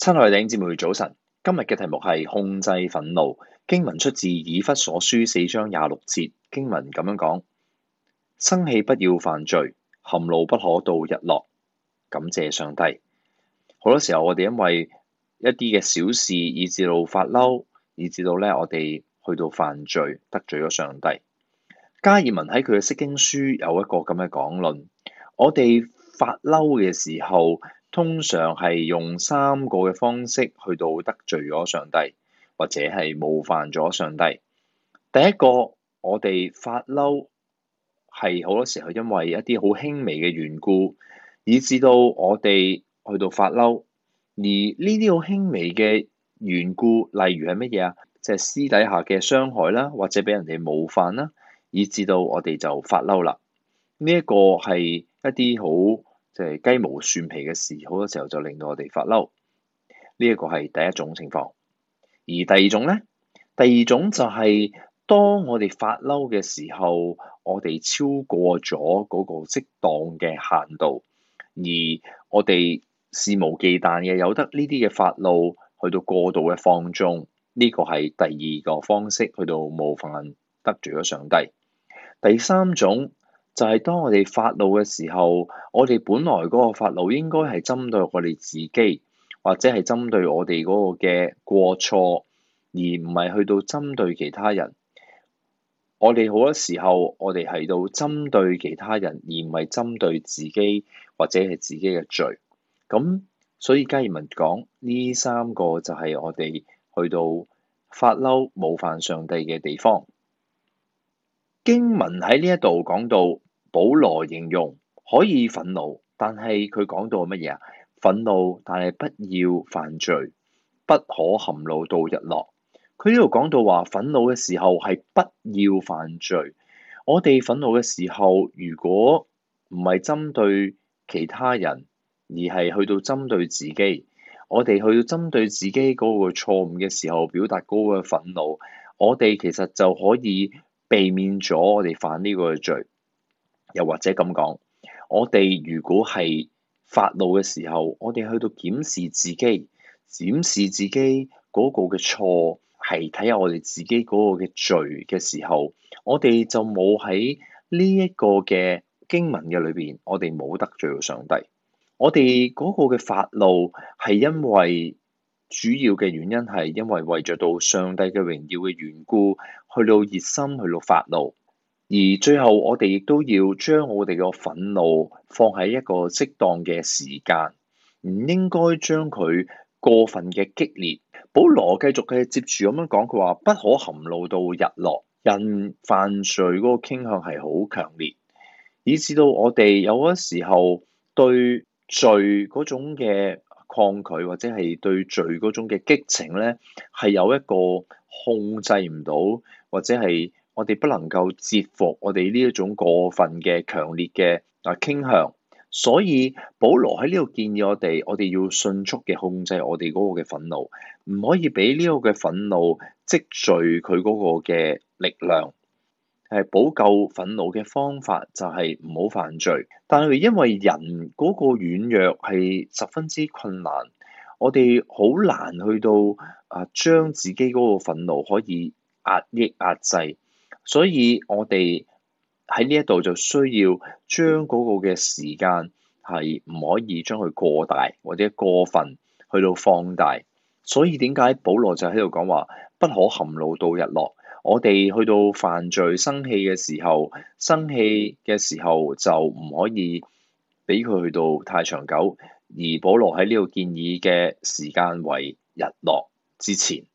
親愛嘅弟兄姊妹，早晨。今日嘅題目係控制憤怒。經文出自以弗所書四章廿六節。經文咁樣講：生氣不要犯罪，含怒不可到日落。感謝上帝。好多時候我哋因為一啲嘅小事，以至到發嬲，以至到咧我哋去到犯罪，得罪咗上帝。加爾文喺佢嘅釋經書有一個咁嘅講論：我哋發嬲嘅時候。通常係用三個嘅方式去到得罪咗上帝，或者係冒犯咗上帝。第一個，我哋發嬲係好多時候因為一啲好輕微嘅緣故，以致到我哋去到發嬲。而呢啲好輕微嘅緣故，例如係乜嘢啊？即係私底下嘅傷害啦，或者俾人哋冒犯啦，以致到我哋就發嬲啦。呢一個係一啲好。即係雞毛蒜皮嘅事，好多時候就令到我哋發嬲，呢一個係第一種情況。而第二種咧，第二種就係當我哋發嬲嘅時候，我哋超過咗嗰個適當嘅限度，而我哋肆無忌憚嘅有得呢啲嘅發怒去到過度嘅放縱，呢個係第二個方式去到冒犯得罪咗上帝。第三種。就係當我哋發怒嘅時候，我哋本來嗰個發怒應該係針對我哋自己，或者係針對我哋嗰個嘅過錯，而唔係去到針對其他人。我哋好多時候，我哋係到針對其他人，而唔係針對自己，或者係自己嘅罪。咁所以加爾文講呢三個就係我哋去到發嬲，冒犯上帝嘅地方。經文喺呢一度講到。保羅形容可以憤怒，但係佢講到乜嘢啊？憤怒，但係不要犯罪，不可含怒到日落。佢呢度講到話憤怒嘅時候係不要犯罪。我哋憤怒嘅時候，如果唔係針對其他人，而係去到針對自己，我哋去到針對自己嗰個錯誤嘅時候，表達嗰個憤怒，我哋其實就可以避免咗我哋犯呢個罪。又或者咁講，我哋如果係發怒嘅時候，我哋去到檢視自己、檢視自己嗰個嘅錯，係睇下我哋自己嗰個嘅罪嘅時候，我哋就冇喺呢一個嘅經文嘅裏邊，我哋冇得罪到上帝。我哋嗰個嘅發怒係因為主要嘅原因係因為為咗到上帝嘅榮耀嘅緣故，去到熱心去到發怒。而最後，我哋亦都要將我哋嘅憤怒放喺一個適當嘅時間，唔應該將佢過分嘅激烈。保羅繼續嘅接住咁樣講，佢話不可含怒到日落。人犯罪嗰個傾向係好強烈，以至到我哋有陣時候對罪嗰種嘅抗拒，或者係對罪嗰種嘅激情咧，係有一個控制唔到，或者係。我哋不能夠折服我哋呢一種過分嘅強烈嘅啊傾向，所以保羅喺呢度建議我哋，我哋要迅速嘅控制我哋嗰個嘅憤怒，唔可以俾呢個嘅憤怒積聚佢嗰個嘅力量。係補救憤怒嘅方法就係唔好犯罪。但係因為人嗰個軟弱，係十分之困難，我哋好難去到啊將自己嗰個憤怒可以壓抑壓制。所以我哋喺呢一度就需要將嗰個嘅時間係唔可以將佢過大或者過分去到放大。所以點解保羅就喺度講話不可含怒到日落？我哋去到犯罪生氣嘅時候，生氣嘅時候就唔可以俾佢去到太長久。而保羅喺呢個建議嘅時間為日落之前。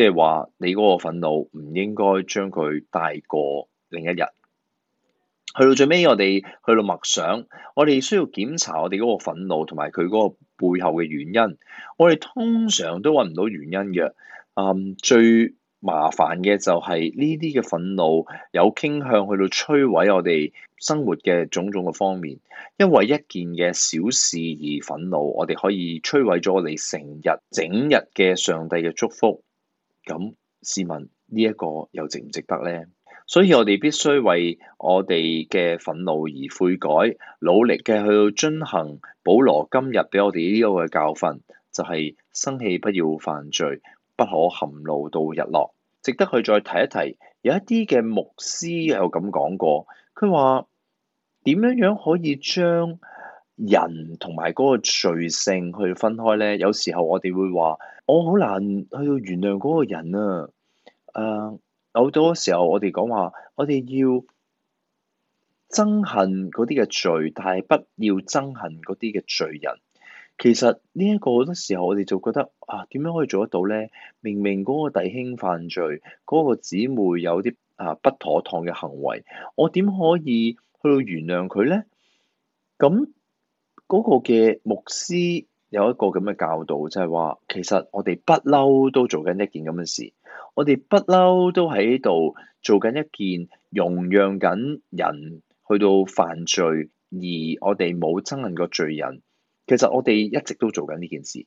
即係話，你嗰個憤怒唔應該將佢帶過另一日。去到最尾，我哋去到默想，我哋需要檢查我哋嗰個憤怒同埋佢嗰個背後嘅原因。我哋通常都揾唔到原因嘅。嗯，最麻煩嘅就係呢啲嘅憤怒有傾向去到摧毀我哋生活嘅種種嘅方面，因為一件嘅小事而憤怒，我哋可以摧毀咗我哋成日整日嘅上帝嘅祝福。咁，試問呢一個又值唔值得呢？所以我哋必須為我哋嘅憤怒而悔改，努力嘅去遵行保羅今日俾我哋呢個嘅教訓，就係生氣不要犯罪，不可含怒到日落。值得去再提一提，有一啲嘅牧師有咁講過，佢話點樣樣可以將，人同埋嗰個罪性去分開呢。有時候我哋會話，我好難去到原諒嗰個人啊。誒，好多時候我哋講話，我哋要憎恨嗰啲嘅罪，但係不要憎恨嗰啲嘅罪人。其實呢一個好多時候，我哋就覺得啊，點樣可以做得到呢？明明嗰個弟兄犯罪，嗰個姊妹有啲啊不妥當嘅行為，我點可以去到原諒佢呢？咁。嗰個嘅牧師有一個咁嘅教導，就係話其實我哋不嬲都做緊一件咁嘅事，我哋不嬲都喺度做緊一件容讓緊人去到犯罪，而我哋冇憎恨過罪人。其實我哋一直都做緊呢件事，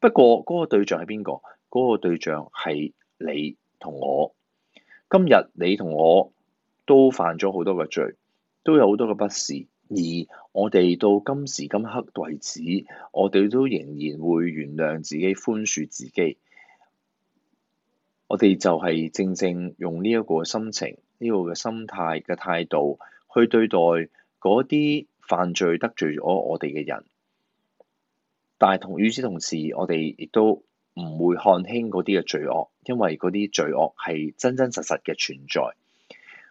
不過嗰個對象係邊個？嗰個對象係你同我。今日你同我都犯咗好多嘅罪，都有好多嘅不是。而我哋到今時今刻為止，我哋都仍然會原諒自己、寬恕自己。我哋就係正正用呢一個心情、呢個嘅心態嘅態度去對待嗰啲犯罪得罪咗我哋嘅人。但係同與此同時，我哋亦都唔會看輕嗰啲嘅罪惡，因為嗰啲罪惡係真真實實嘅存在。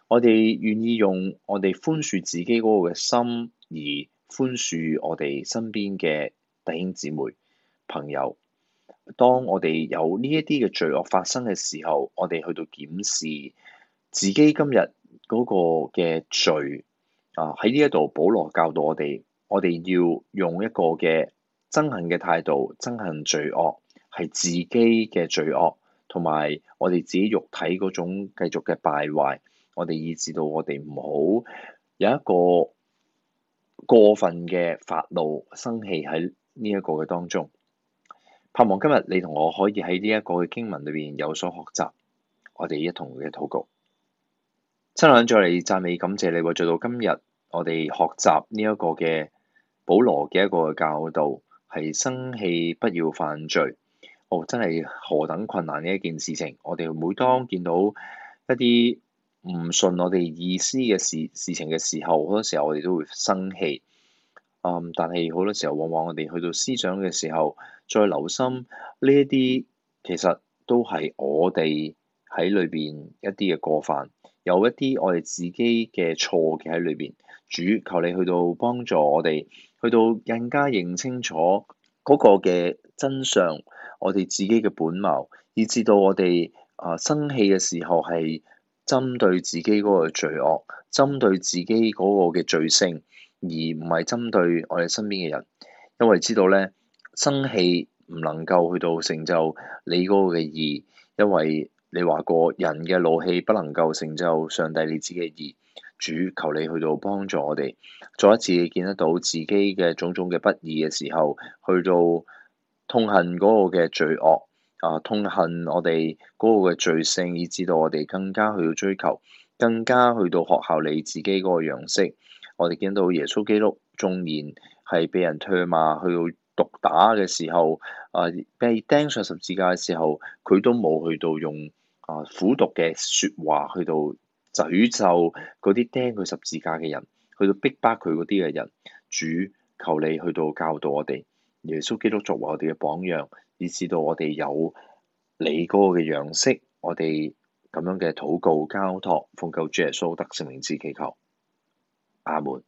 我哋願意用我哋寬恕自己嗰個嘅心，而寬恕我哋身邊嘅弟兄姊妹朋友。當我哋有呢一啲嘅罪惡發生嘅時候，我哋去到檢視自己今日嗰個嘅罪啊！喺呢一度，保羅教導我哋，我哋要用一個嘅憎恨嘅態度憎恨罪惡，係自己嘅罪惡，同埋我哋自己肉體嗰種繼續嘅敗壞。我哋以致到我哋唔好有一個過分嘅發怒生氣喺呢一個嘅當中。盼望今日你同我可以喺呢一個嘅經文裏邊有所學習，我哋一同嘅禱告。親愛再嚟讚美感謝你，做到今日我哋學習呢一個嘅保羅嘅一個教導，係生氣不要犯罪。哦，真係何等困難嘅一件事情！我哋每當見到一啲～唔順我哋意思嘅事事情嘅時候，好多時候我哋都會生氣。嗯，但係好多時候往往我哋去到思想嘅時候，再留心呢一啲，其實都係我哋喺裏邊一啲嘅過犯，有一啲我哋自己嘅錯嘅喺裏邊。主求你去到幫助我哋，去到更加認清楚嗰個嘅真相，我哋自己嘅本貌，以至到我哋啊生氣嘅時候係。針對自己嗰個罪惡，針對自己嗰個嘅罪性，而唔係針對我哋身邊嘅人，因為知道咧，生氣唔能夠去到成就你嗰個嘅義，因為你話過人嘅怒氣不能夠成就上帝你自己嘅義。主求你去到幫助我哋，再一次見得到自己嘅種種嘅不義嘅時候，去到痛恨嗰個嘅罪惡。啊，痛恨我哋嗰個嘅罪性，以至到我哋更加去到追求，更加去到學校你自己嗰個樣式。我哋見到耶穌基督，縱然係被人唾罵、去到毒打嘅時候，啊，被釘上十字架嘅時候，佢都冇去到用啊苦毒嘅説話去到詛咒嗰啲釘佢十字架嘅人，去到逼迫佢嗰啲嘅人。主，求你去到教導我哋，耶穌基督作為我哋嘅榜樣。以致到我哋有你嗰個嘅樣式，我哋咁樣嘅禱告交託，奉救主耶穌得聖名字祈求，阿們。